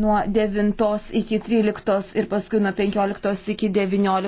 nuo 9 iki 13 ir paskui nuo 15 iki 19.